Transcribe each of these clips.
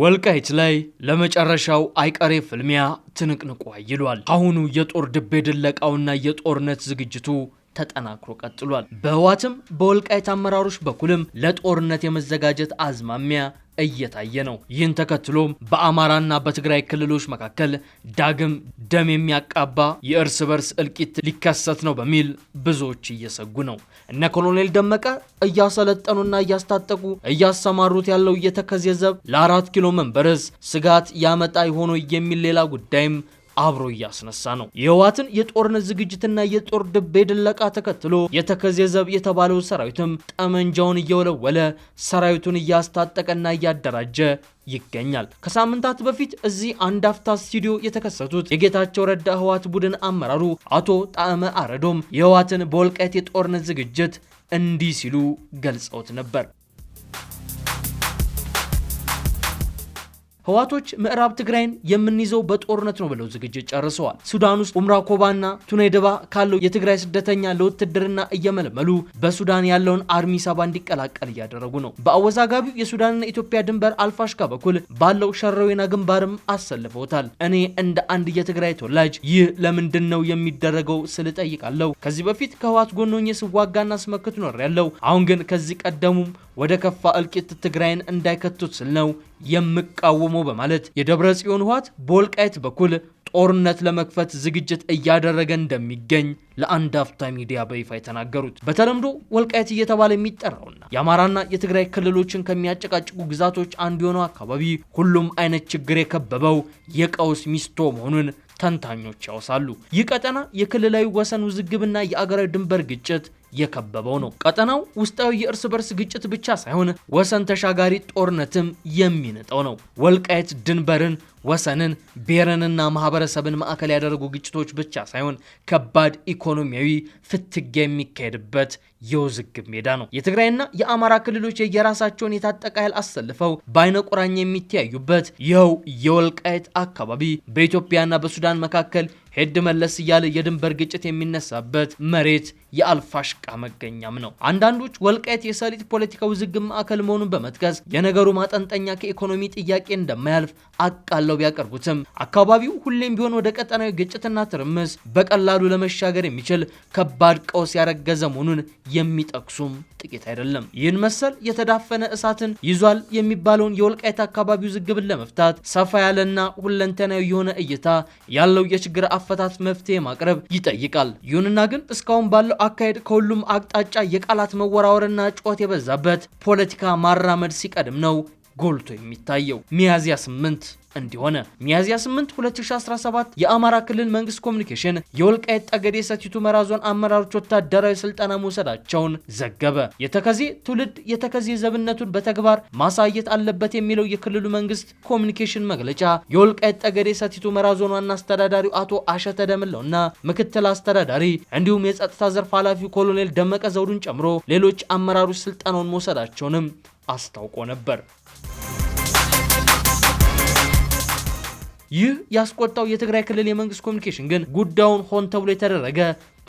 ወልቃይት ላይ ለመጨረሻው አይቀሬ ፍልሚያ ትንቅንቁ አይሏል። አሁኑ የጦር ድቤ ድለቃውና የጦርነት ዝግጅቱ ተጠናክሮ ቀጥሏል። በህዋትም በወልቃይት አመራሮች በኩልም ለጦርነት የመዘጋጀት አዝማሚያ እየታየ ነው። ይህን ተከትሎም በአማራና በትግራይ ክልሎች መካከል ዳግም ደም የሚያቃባ የእርስ በርስ እልቂት ሊከሰት ነው በሚል ብዙዎች እየሰጉ ነው። እነ ኮሎኔል ደመቀ እያሰለጠኑና እያስታጠቁ እያሰማሩት ያለው እየተከዜ ዘብ ለአራት ኪሎ መንበረስ ስጋት ያመጣ የሆኖ የሚል ሌላ ጉዳይም አብሮ እያስነሳ ነው። የህወሓትን የጦርነት ዝግጅትና የጦር ድቤ ድለቃ ተከትሎ የተከዜ ዘብ የተባለው ሰራዊትም ጠመንጃውን እየወለወለ ሰራዊቱን እያስታጠቀና እያደራጀ ይገኛል። ከሳምንታት በፊት እዚህ አንድ አፍታ ስቱዲዮ የተከሰቱት የጌታቸው ረዳ ህወሓት ቡድን አመራሩ አቶ ጣዕመ አረዶም የህወሓትን በወልቃይት የጦርነት ዝግጅት እንዲህ ሲሉ ገልጸውት ነበር። ህዋቶች ምዕራብ ትግራይን የምንይዘው በጦርነት ነው ብለው ዝግጅት ጨርሰዋል። ሱዳን ውስጥ ኡምራ ኮባና ቱኔድባ ካለው የትግራይ ስደተኛ ለውትድርና እየመለመሉ በሱዳን ያለውን አርሚ ሰባ እንዲቀላቀል እያደረጉ ነው። በአወዛጋቢው የሱዳንና ኢትዮጵያ ድንበር አልፋሽካ በኩል ባለው ሸረዌና ግንባርም አሰልፈውታል። እኔ እንደ አንድ የትግራይ ተወላጅ ይህ ለምንድን ነው የሚደረገው ስል ጠይቃለሁ። ከዚህ በፊት ከህዋት ጎኖኜ ስዋጋና ስመክት ኖር ያለው አሁን ግን ከዚህ ቀደሙም ወደ ከፋ እልቂት ትግራይን እንዳይከቱት ስል ነው የምቃወመው በማለት የደብረ ጽዮን ህወሓት በወልቃይት በኩል ጦርነት ለመክፈት ዝግጅት እያደረገ እንደሚገኝ ለአንድ አፍታ ሚዲያ በይፋ የተናገሩት በተለምዶ ወልቃይት እየተባለ የሚጠራውና የአማራና የትግራይ ክልሎችን ከሚያጨቃጭቁ ግዛቶች አንዱ የሆነው አካባቢ ሁሉም አይነት ችግር የከበበው የቀውስ ሚስቶ መሆኑን ተንታኞች ያወሳሉ። ይህ ቀጠና የክልላዊ ወሰን ውዝግብና የአገራዊ ድንበር ግጭት የከበበው ነው። ቀጠናው ውስጣዊ የእርስ በርስ ግጭት ብቻ ሳይሆን ወሰን ተሻጋሪ ጦርነትም የሚንጠው ነው። ወልቃይት ድንበርን ወሰንን ብሔርንና ማህበረሰብን ማዕከል ያደረጉ ግጭቶች ብቻ ሳይሆን ከባድ ኢኮኖሚያዊ ፍትጌ የሚካሄድበት የውዝግብ ሜዳ ነው። የትግራይና የአማራ ክልሎች የየራሳቸውን የታጠቀ ኃይል አሰልፈው በአይነ ቁራኛ የሚተያዩበት ይኸው የወልቃይት አካባቢ በኢትዮጵያና በሱዳን መካከል ሄድ መለስ እያለ የድንበር ግጭት የሚነሳበት መሬት የአልፋሽቃ መገኛም ነው። አንዳንዶች ወልቃይት የሰሊጥ ፖለቲካ ውዝግብ ማዕከል መሆኑን በመጥቀስ የነገሩ ማጠንጠኛ ከኢኮኖሚ ጥያቄ እንደማያልፍ አቃለው ቢያቀርቡትም አካባቢው ሁሌም ቢሆን ወደ ቀጠናዊ ግጭትና ትርምስ በቀላሉ ለመሻገር የሚችል ከባድ ቀውስ ያረገዘ መሆኑን የሚጠቅሱም ጥቂት አይደለም። ይህን መሰል የተዳፈነ እሳትን ይዟል የሚባለውን የወልቃይት አካባቢ ውዝግብን ለመፍታት ሰፋ ያለና ሁለንተናዊ የሆነ እይታ ያለው የችግር አፈታት መፍትሄ ማቅረብ ይጠይቃል። ይሁንና ግን እስካሁን ባለው አካሄድ ከሁሉም አቅጣጫ የቃላት መወራወርና ጩኸት የበዛበት ፖለቲካ ማራመድ ሲቀድም ነው ጎልቶ የሚታየው። ሚያዝያ 8 እንዲሆነ ሚያዝያ 8 2017 የአማራ ክልል መንግስት ኮሚኒኬሽን የወልቃይት ጠገዴ ሰቲት ሁመራ ዞን አመራሮች ወታደራዊ ስልጠና መውሰዳቸውን ዘገበ። የተከዜ ትውልድ የተከዜ ዘብነቱን በተግባር ማሳየት አለበት የሚለው የክልሉ መንግስት ኮሚኒኬሽን መግለጫ የወልቃይት ጠገዴ ሰቲት ሁመራ ዞን ዋና አስተዳዳሪው አቶ አሸተ ደምለውና ምክትል አስተዳዳሪ እንዲሁም የጸጥታ ዘርፍ ኃላፊው ኮሎኔል ደመቀ ዘውዱን ጨምሮ ሌሎች አመራሮች ስልጠናውን መውሰዳቸውንም አስታውቆ ነበር። ይህ ያስቆጣው የትግራይ ክልል የመንግስት ኮሚኒኬሽን ግን ጉዳዩን ሆን ተብሎ የተደረገ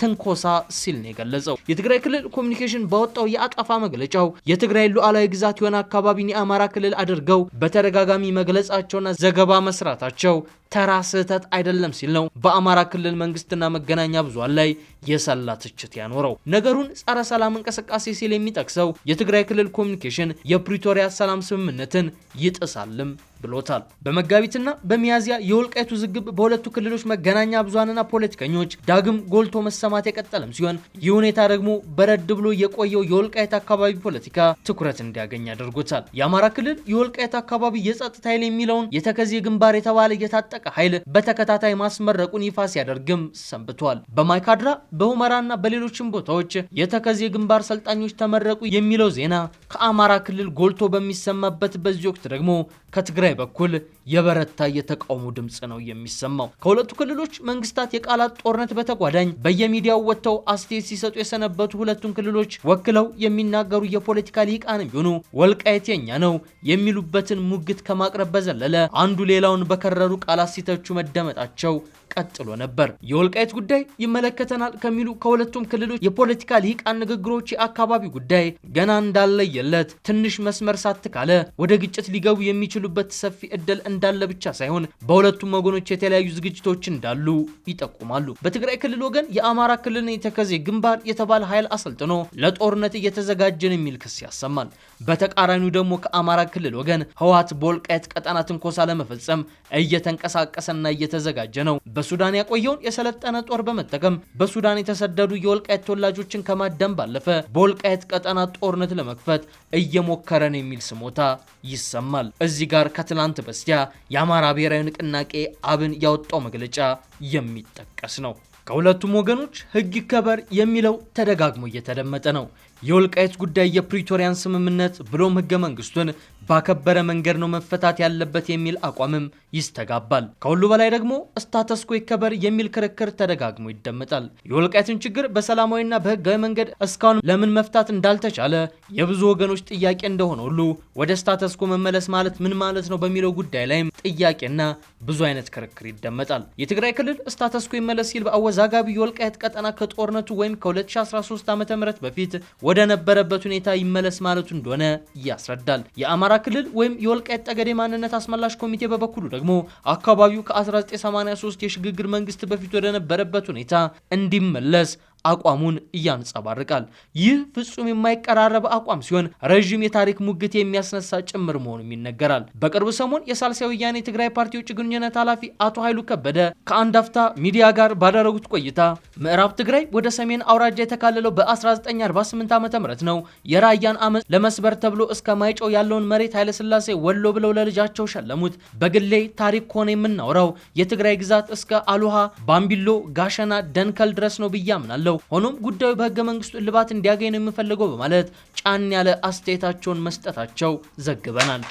ትንኮሳ ሲል ነው የገለጸው። የትግራይ ክልል ኮሚኒኬሽን ባወጣው የአቀፋ መግለጫው የትግራይ ሉዓላዊ ግዛት የሆነ አካባቢን የአማራ ክልል አድርገው በተደጋጋሚ መግለጻቸውና ዘገባ መስራታቸው ተራ ስህተት አይደለም ሲል ነው በአማራ ክልል መንግስትና መገናኛ ብዙሃን ላይ የሰላ ትችት ያኖረው። ነገሩን ጸረ ሰላም እንቅስቃሴ ሲል የሚጠቅሰው የትግራይ ክልል ኮሚኒኬሽን የፕሪቶሪያ ሰላም ስምምነትን ይጥሳልም ብሎታል። በመጋቢትና በሚያዚያ የወልቃይት ውዝግብ በሁለቱ ክልሎች መገናኛ ብዙሃንና ፖለቲከኞች ዳግም ጎልቶ መሰማት የቀጠለም ሲሆን ይህ ሁኔታ ደግሞ በረድ ብሎ የቆየው የወልቃይት አካባቢ ፖለቲካ ትኩረት እንዲያገኝ አድርጎታል። የአማራ ክልል የወልቃይት አካባቢ የጸጥታ ኃይል የሚለውን የተከዜ ግንባር የተባለ የታጠቀ የታጠቀ ኃይል በተከታታይ ማስመረቁን ይፋ ሲያደርግም ሰንብቷል። በማይካድራ በሁመራና በሌሎችም ቦታዎች የተከዜ ግንባር ሰልጣኞች ተመረቁ የሚለው ዜና ከአማራ ክልል ጎልቶ በሚሰማበት በዚህ ወቅት ደግሞ ከትግራይ በኩል የበረታ የተቃውሞ ድምፅ ነው የሚሰማው። ከሁለቱ ክልሎች መንግስታት የቃላት ጦርነት በተጓዳኝ በየሚዲያው ወጥተው አስተያየት ሲሰጡ የሰነበቱ ሁለቱን ክልሎች ወክለው የሚናገሩ የፖለቲካ ሊቃንም ቢሆኑ ወልቃይት የኛ ነው የሚሉበትን ሙግት ከማቅረብ በዘለለ አንዱ ሌላውን በከረሩ ቃላት ሲተቹ መደመጣቸው ቀጥሎ ነበር። የወልቃይት ጉዳይ ይመለከተናል ከሚሉ ከሁለቱም ክልሎች የፖለቲካ ሊቃ ንግግሮች የአካባቢ ጉዳይ ገና እንዳለየለት ትንሽ መስመር ሳትካለ ወደ ግጭት ሊገቡ የሚችሉበት ሰፊ እድል እንዳለ ብቻ ሳይሆን በሁለቱም ወገኖች የተለያዩ ዝግጅቶች እንዳሉ ይጠቁማሉ። በትግራይ ክልል ወገን የአማራ ክልልን የተከዜ ግንባር የተባለ ኃይል አሰልጥኖ ለጦርነት እየተዘጋጀን የሚል ክስ ያሰማል። በተቃራኒው ደግሞ ከአማራ ክልል ወገን ህወሓት በወልቃይት ቀጠና ትንኮሳ ለመፈጸም እየተንቀሳቀሰና እየተዘጋጀ ነው። በሱዳን ያቆየውን የሰለጠነ ጦር በመጠቀም በሱዳን የተሰደዱ የወልቃየት ተወላጆችን ከማደም ባለፈ በወልቃየት ቀጠና ጦርነት ለመክፈት እየሞከረ ነው የሚል ስሞታ ይሰማል። እዚህ ጋር ከትላንት በስቲያ የአማራ ብሔራዊ ንቅናቄ አብን ያወጣው መግለጫ የሚጠቀስ ነው። ከሁለቱም ወገኖች ሕግ ይከበር የሚለው ተደጋግሞ እየተደመጠ ነው። የወልቃይት ጉዳይ የፕሪቶሪያን ስምምነት ብሎም ህገ መንግስቱን ባከበረ መንገድ ነው መፈታት ያለበት የሚል አቋምም ይስተጋባል። ከሁሉ በላይ ደግሞ ስታተስኮ ይከበር የሚል ክርክር ተደጋግሞ ይደመጣል። የወልቃይትን ችግር በሰላማዊና በህጋዊ መንገድ እስካሁን ለምን መፍታት እንዳልተቻለ የብዙ ወገኖች ጥያቄ እንደሆነ ሁሉ ወደ ስታተስኮ መመለስ ማለት ምን ማለት ነው በሚለው ጉዳይ ላይም ጥያቄና ብዙ አይነት ክርክር ይደመጣል። የትግራይ ክልል ስታተስኮ ይመለስ ሲል በአወዛጋቢ የወልቃይት ቀጠና ከጦርነቱ ወይም ከ2013 ዓ ም በፊት ወደ ነበረበት ሁኔታ ይመለስ ማለቱ እንደሆነ ያስረዳል። የአማራ ክልል ወይም የወልቃይት ጠገዴ ማንነት አስመላሽ ኮሚቴ በበኩሉ ደግሞ አካባቢው ከ1983 የሽግግር መንግስት በፊት ወደ ነበረበት ሁኔታ እንዲመለስ አቋሙን እያንጸባርቃል። ይህ ፍጹም የማይቀራረብ አቋም ሲሆን ረዥም የታሪክ ሙግት የሚያስነሳ ጭምር መሆኑም ይነገራል። በቅርቡ ሰሞን የሳልሳይ ወያኔ ትግራይ ፓርቲ ውጭ ግንኙነት ኃላፊ አቶ ኃይሉ ከበደ ከአንድ አፍታ ሚዲያ ጋር ባደረጉት ቆይታ ምዕራብ ትግራይ ወደ ሰሜን አውራጃ የተካለለው በ1948 ዓ ም ነው የራያን አመፅ ለመስበር ተብሎ እስከ ማይጨው ያለውን መሬት ኃይለስላሴ ወሎ ብለው ለልጃቸው ሸለሙት። በግሌ ታሪክ ከሆነ የምናወራው የትግራይ ግዛት እስከ አሉሃ፣ ባምቢሎ፣ ጋሸና፣ ደንከል ድረስ ነው ብዬ አምናለሁ አለው። ሆኖም ጉዳዩ በህገ መንግስቱ እልባት እንዲያገኝ ነው የምፈልገው በማለት ጫን ያለ አስተያየታቸውን መስጠታቸው ዘግበናል።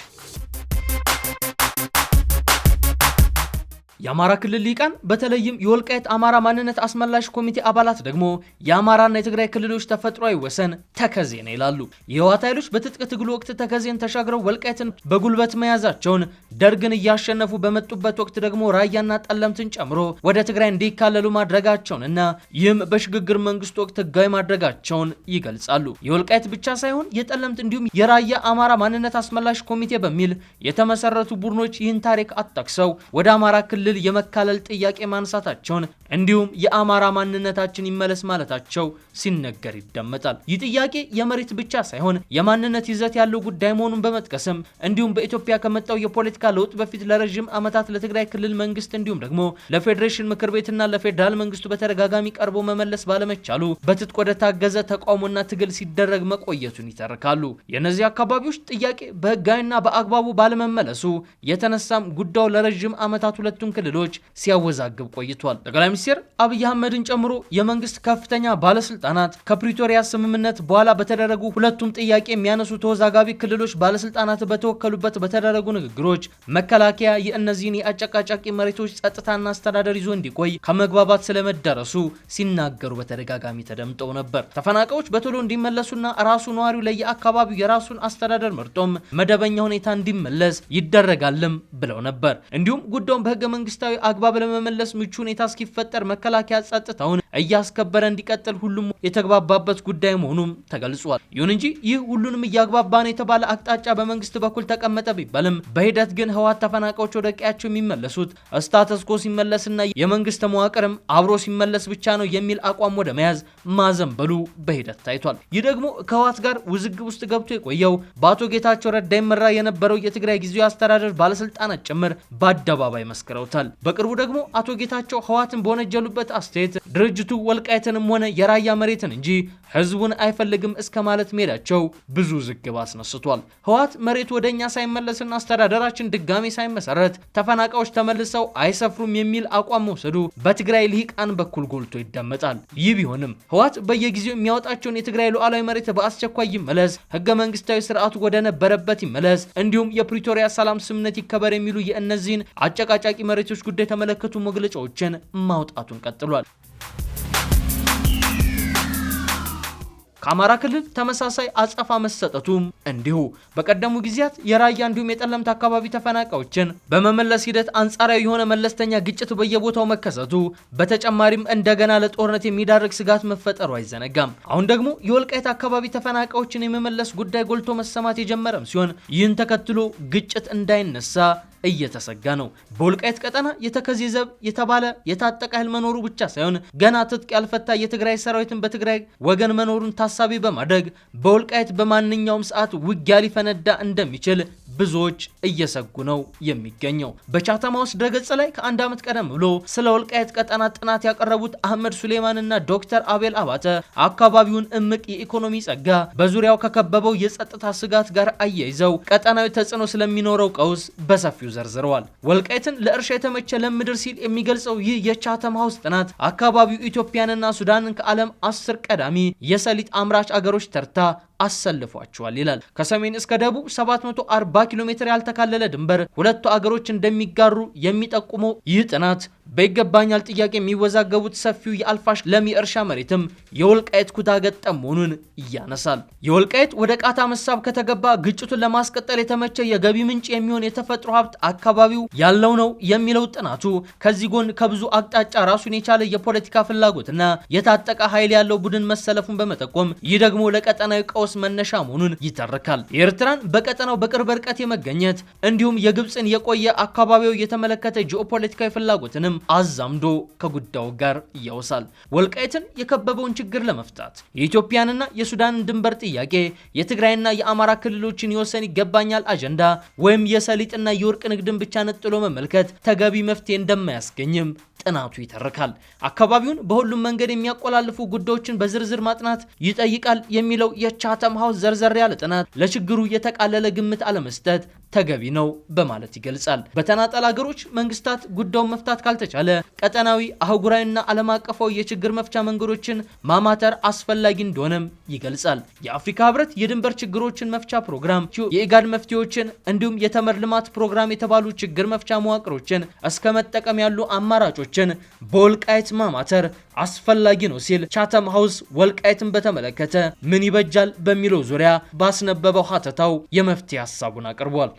የአማራ ክልል ሊቃን በተለይም የወልቃየት አማራ ማንነት አስመላሽ ኮሚቴ አባላት ደግሞ የአማራና የትግራይ ክልሎች ተፈጥሯዊ ወሰን ተከዜ ነው ይላሉ። የህወሓት ኃይሎች በትጥቅ ትግሉ ወቅት ተከዜን ተሻግረው ወልቃየትን በጉልበት መያዛቸውን፣ ደርግን እያሸነፉ በመጡበት ወቅት ደግሞ ራያና ጠለምትን ጨምሮ ወደ ትግራይ እንዲካለሉ ማድረጋቸውንና ይህም በሽግግር መንግስት ወቅት ህጋዊ ማድረጋቸውን ይገልጻሉ። የወልቃየት ብቻ ሳይሆን የጠለምት እንዲሁም የራያ አማራ ማንነት አስመላሽ ኮሚቴ በሚል የተመሰረቱ ቡድኖች ይህን ታሪክ አጠቅሰው ወደ አማራ ክልል ክልል የመካለል ጥያቄ ማንሳታቸውን እንዲሁም የአማራ ማንነታችን ይመለስ ማለታቸው ሲነገር ይደመጣል። ይህ ጥያቄ የመሬት ብቻ ሳይሆን የማንነት ይዘት ያለው ጉዳይ መሆኑን በመጥቀስም እንዲሁም በኢትዮጵያ ከመጣው የፖለቲካ ለውጥ በፊት ለረዥም ዓመታት ለትግራይ ክልል መንግስት እንዲሁም ደግሞ ለፌዴሬሽን ምክር ቤትና ለፌዴራል መንግስቱ በተደጋጋሚ ቀርቦ መመለስ ባለመቻሉ በትጥቅ ወደ ታገዘ ተቃውሞና ትግል ሲደረግ መቆየቱን ይተርካሉ። የእነዚህ አካባቢዎች ጥያቄ በህጋዊና በአግባቡ ባለመመለሱ የተነሳም ጉዳዩ ለረዥም ዓመታት ሁለቱን ክልሎች ሲያወዛግብ ቆይቷል። ጠቅላይ ሚኒስትር አብይ አህመድን ጨምሮ የመንግስት ከፍተኛ ባለስልጣናት ከፕሪቶሪያ ስምምነት በኋላ በተደረጉ ሁለቱም ጥያቄ የሚያነሱ ተወዛጋቢ ክልሎች ባለስልጣናት በተወከሉበት በተደረጉ ንግግሮች መከላከያ የእነዚህን የአጨቃጫቂ መሬቶች ጸጥታና አስተዳደር ይዞ እንዲቆይ ከመግባባት ስለመደረሱ ሲናገሩ በተደጋጋሚ ተደምጠው ነበር። ተፈናቃዮች በቶሎ እንዲመለሱና ራሱ ነዋሪው ለየአካባቢው የራሱን አስተዳደር መርጦም መደበኛ ሁኔታ እንዲመለስ ይደረጋልም ብለው ነበር። እንዲሁም ጉዳዩን በህገ መንግስታዊ አግባብ ለመመለስ ምቹ ሁኔታ እስኪፈጠር መከላከያ ጸጥታውን እያስከበረ እንዲቀጥል ሁሉም የተግባባበት ጉዳይ መሆኑም ተገልጿል። ይሁን እንጂ ይህ ሁሉንም እያግባባ ነው የተባለ አቅጣጫ በመንግስት በኩል ተቀመጠ ቢባልም በሂደት ግን ህወሓት ተፈናቃዮች ወደ ቀያቸው የሚመለሱት ስታተስኮ ሲመለስና የመንግስት መዋቅርም አብሮ ሲመለስ ብቻ ነው የሚል አቋም ወደ መያዝ ማዘንበሉ በሂደት ታይቷል። ይህ ደግሞ ከህወሓት ጋር ውዝግብ ውስጥ ገብቶ የቆየው በአቶ ጌታቸው ረዳ ይመራ የነበረው የትግራይ ጊዜያዊ አስተዳደር ባለስልጣናት ጭምር በአደባባይ መስክረውታል። በቅርቡ ደግሞ አቶ ጌታቸው ህወሓትን በወነጀሉበት አስተያየት ድርጅቱ ድርጅቱ ወልቃይትንም ሆነ የራያ መሬትን እንጂ ህዝቡን አይፈልግም እስከ ማለት መሄዳቸው ብዙ ዝግብ አስነስቷል። ህወሓት መሬት ወደ እኛ ሳይመለስና አስተዳደራችን ድጋሜ ሳይመሰረት ተፈናቃዮች ተመልሰው አይሰፍሩም የሚል አቋም መውሰዱ በትግራይ ልሂቃን በኩል ጎልቶ ይደመጣል። ይህ ቢሆንም ህወሓት በየጊዜው የሚያወጣቸውን የትግራይ ሉዓላዊ መሬት በአስቸኳይ ይመለስ፣ ህገ መንግስታዊ ስርዓቱ ወደ ነበረበት ይመለስ፣ እንዲሁም የፕሪቶሪያ ሰላም ስምምነት ይከበር የሚሉ የእነዚህን አጨቃጫቂ መሬቶች ጉዳይ የተመለከቱ መግለጫዎችን ማውጣቱን ቀጥሏል። ከአማራ ክልል ተመሳሳይ አጸፋ መሰጠቱም እንዲሁ በቀደሙ ጊዜያት የራያ እንዲሁም የጠለምት አካባቢ ተፈናቃዮችን በመመለስ ሂደት አንጻራዊ የሆነ መለስተኛ ግጭት በየቦታው መከሰቱ፣ በተጨማሪም እንደገና ለጦርነት የሚዳርግ ስጋት መፈጠሩ አይዘነጋም። አሁን ደግሞ የወልቃይት አካባቢ ተፈናቃዮችን የመመለስ ጉዳይ ጎልቶ መሰማት የጀመረም ሲሆን ይህን ተከትሎ ግጭት እንዳይነሳ እየተሰጋ ነው። በወልቃይት ቀጠና የተከዜ ዘብ የተባለ የታጠቀ ኃይል መኖሩ ብቻ ሳይሆን ገና ትጥቅ ያልፈታ የትግራይ ሰራዊትን በትግራይ ወገን መኖሩን ታሳቢ በማድረግ በወልቃይት በማንኛውም ሰዓት ውጊያ ሊፈነዳ እንደሚችል ብዙዎች እየሰጉ ነው የሚገኘው። በቻተማ ውስጥ ድረገጽ ላይ ከአንድ ዓመት ቀደም ብሎ ስለ ወልቃይት ቀጠና ጥናት ያቀረቡት አህመድ ሱሌማንና ዶክተር አቤል አባተ አካባቢውን እምቅ የኢኮኖሚ ጸጋ በዙሪያው ከከበበው የጸጥታ ስጋት ጋር አያይዘው ቀጠናዊ ተጽዕኖ ስለሚኖረው ቀውስ በሰፊው ዘርዝረዋል። ወልቃይትን ለእርሻ የተመቸ ለም ምድር ሲል የሚገልጸው ይህ የቻተም ሀውስ ጥናት አካባቢው ኢትዮጵያንና ሱዳንን ከዓለም አስር ቀዳሚ የሰሊጥ አምራች አገሮች ተርታ አሰልፏቸዋል ይላል። ከሰሜን እስከ ደቡብ 740 ኪሎ ሜትር ያልተካለለ ድንበር ሁለቱ አገሮች እንደሚጋሩ የሚጠቁመው ይህ ጥናት በይገባኛል ጥያቄ የሚወዛገቡት ሰፊው የአልፋሽ ለሚ እርሻ መሬትም የወልቃየት ኩታ ገጠም መሆኑን እያነሳል። የወልቃየት ወደ ቃታ መሳብ ከተገባ ግጭቱን ለማስቀጠል የተመቸ የገቢ ምንጭ የሚሆን የተፈጥሮ ሀብት አካባቢው ያለው ነው የሚለው ጥናቱ ከዚህ ጎን ከብዙ አቅጣጫ ራሱን የቻለ የፖለቲካ ፍላጎትና የታጠቀ ኃይል ያለው ቡድን መሰለፉን በመጠቆም ይህ ደግሞ ለቀጠናዊ ቀውስ መነሻ መሆኑን ይተርካል። የኤርትራን በቀጠናው በቅርብ ርቀት የመገኘት እንዲሁም የግብፅን የቆየ አካባቢው የተመለከተ ጂኦፖለቲካዊ ፍላጎትንም አዛምዶ ከጉዳዩ ጋር ያውሳል። ወልቃይትን የከበበውን ችግር ለመፍታት የኢትዮጵያንና የሱዳንን ድንበር ጥያቄ፣ የትግራይና የአማራ ክልሎችን የወሰን ይገባኛል አጀንዳ ወይም የሰሊጥና የወርቅ ንግድን ብቻ ነጥሎ መመልከት ተገቢ መፍትሄ እንደማያስገኝም ጥናቱ ይተርካል። አካባቢውን በሁሉም መንገድ የሚያቆላልፉ ጉዳዮችን በዝርዝር ማጥናት ይጠይቃል የሚለው የቻተም ሀውስ ዘርዘር ያለ ጥናት ለችግሩ የተቃለለ ግምት አለመስጠት ተገቢ ነው በማለት ይገልጻል። በተናጠል ሀገሮች መንግስታት ጉዳዩን መፍታት ካልተቻለ ቀጠናዊ አህጉራዊና ዓለም አቀፋዊ የችግር መፍቻ መንገዶችን ማማተር አስፈላጊ እንደሆነም ይገልጻል። የአፍሪካ ህብረት የድንበር ችግሮችን መፍቻ ፕሮግራም፣ የኢጋድ መፍትሄዎችን እንዲሁም የተመድ ልማት ፕሮግራም የተባሉ ችግር መፍቻ መዋቅሮችን እስከ መጠቀም ያሉ አማራጮችን በወልቃይት ማማተር አስፈላጊ ነው ሲል ቻተም ሀውስ ወልቃይትን በተመለከተ ምን ይበጃል በሚለው ዙሪያ ባስነበበው ሀተታው የመፍትሄ ሀሳቡን አቅርቧል።